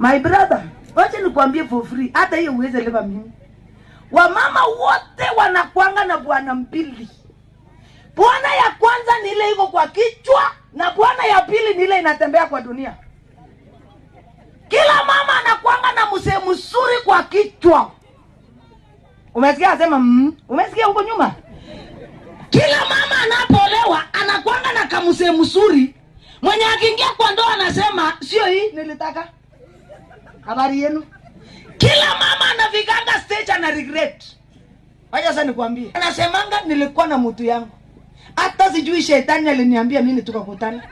My brother, wacha nikwambie for free, hata hiyo uweze leva mimi. Wamama wote wanakwanga na bwana mbili. Bwana ya kwanza ni ile iko kwa kichwa na bwana ya pili ni ile inatembea kwa dunia. Kila mama anakwanga na msee mzuri kwa kichwa. Umesikia asema mm? Umesikia huko nyuma? Kila mama anapolewa anakwanga na kamsee mzuri mwenye akiingia kwa ndoa anasema sio hii nilitaka. Habari yenu? Kila mama anafikanga stage ana regret. Wacha sasa nikwambie. Anasemanga nilikuwa na mtu yangu. Hata sijui shetani aliniambia nini tukakutana.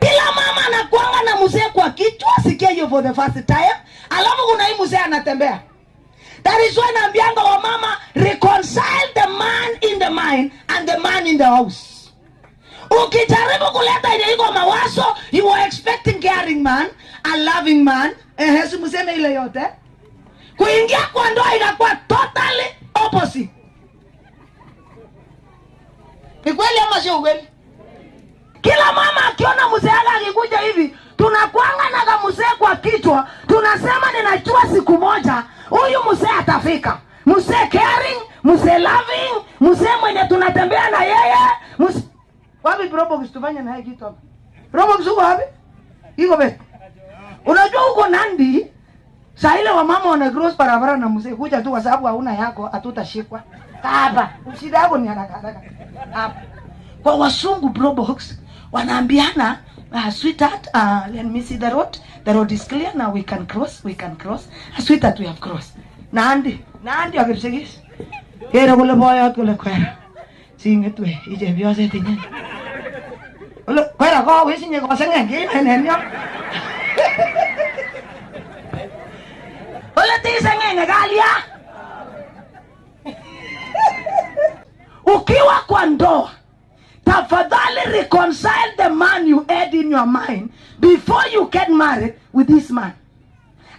Kila mama anakuanga na mzee kwa kichwa, sikia hiyo for the first time. Alafu kuna hii mzee anatembea. That is why naambianga wa mama reconcile the man in the mind and the man in the house. Ukijaribu kuleta ile iko mawazo, you are expecting caring man a loving man, ehe, simuseme ile yote. Kuingia kwa ndoa inakuwa totally opposite. Ni kweli ama sio kweli? Kila mama akiona mzee akikuja hivi, tunakuanga na mzee kwa kichwa, tunasema ninajua siku moja huyu mzee atafika. Mzee caring, mzee loving, mzee mwenye tunatembea na yeye. Wapi Robox tufanye na yeye kitu hapa? Robox uko wapi? Iko beti. Unajua huko Nandi saa ile wamama wana cross barabara na mzee kuja tu, kwa sababu hauna yako hatutashikwa hapa. Shida yako ni haraka haraka hapa. Kwa wasungu bro box wanaambiana uh, ah, sweetheart uh, ah, let me see the road the road is clear now we can cross we can cross uh, ah, sweetheart we have crossed Nandi Nandi akipsigis kera kule boyot kule kwera singetwe eh, ichepyoset inyen kule kwera ko wisinye kosengeng kiimen en yo reconcile the man you had in your mind before you get married with this man.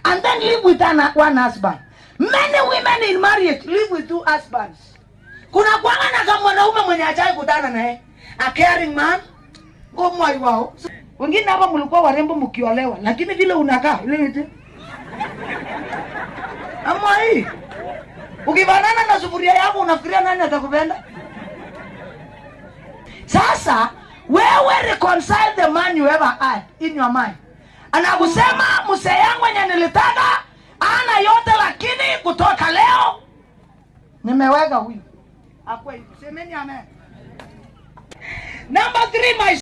And then live with an, one husband. Many women in marriage live with two husbands. Kuna kwanga na kama mwanaume mwenye hajai kutana naye, a caring man, ngomwai wao. Wengine hapa mlikuwa warembo mkiolewa, lakini vile unakaa ile ama hii ukibanana na sufuria yako unafikiria nani atakupenda? Sasa wewe reconcile the man you ever had in your mind. Anakusema mse yangu yenye nilitaka ana yote, lakini kutoka leo nimeweka huyu. Akwe, semeni amen. Number three, my